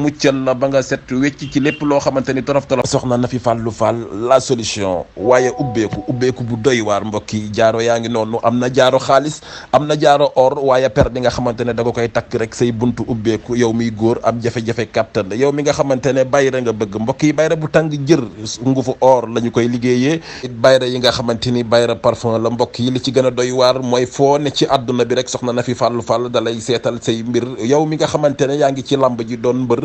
muccal la ba nga set wecc ci lépp loo xamante ni torof torof soxna na fi fàllu fàll la solution waaye ubbeeku ubbeeku bu doy waar mbokki jaaro yaa ngi noonu am na jaaro xaalis am na jaaro or waaye per bi nga xamante ne da nga koy takk rek say buntu ubbeeku yow miy góor am jafe-jafe kàttan yow mi nga xamante ne bayra nga bëgg mbokk yi bayra bu tàng jër ngufu or la koy liggéeyee bayra yi nga xamante ni bayra parfum la mbokk yi li ci gën a doy waar mooy foo ne ci àdduna bi rek soxna na fi fàllu fàll dalay seetal say mbir yow mi nga xamante ne yaa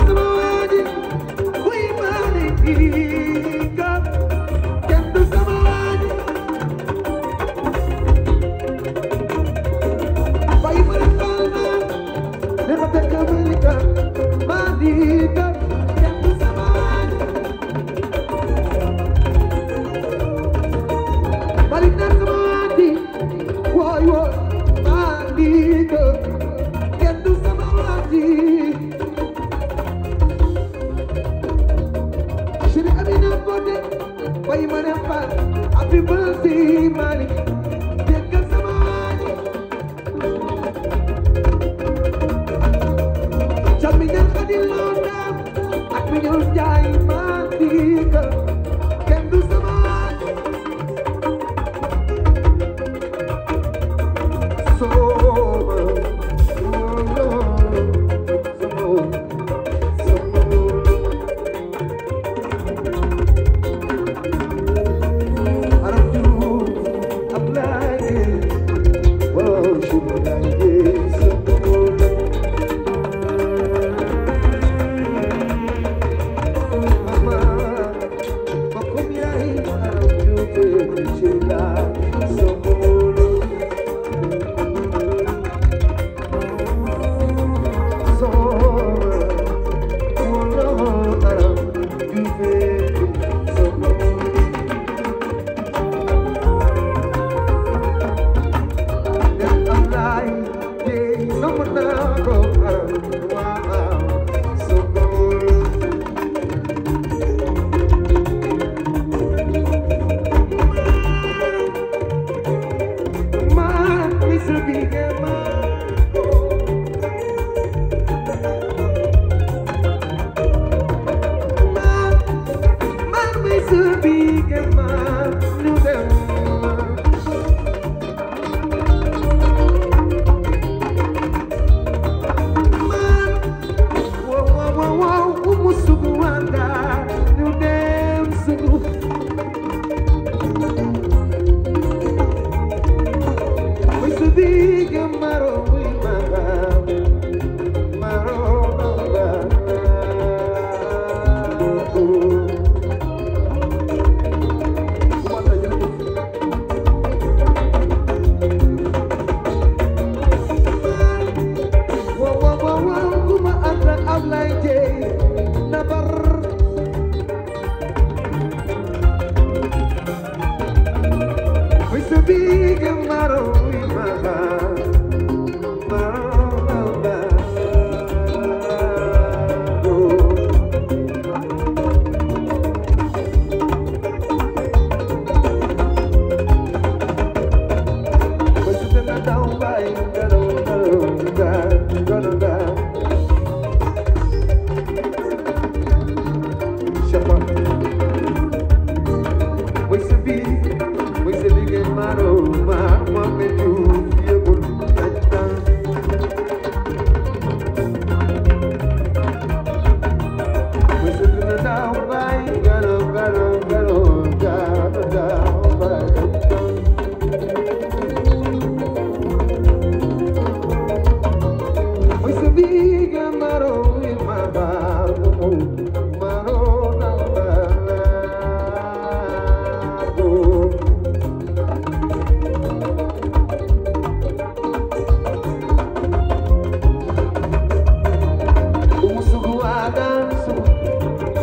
ستراج وإيماني jaay maa digal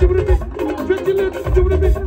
jublu bi fecc leen jublu bi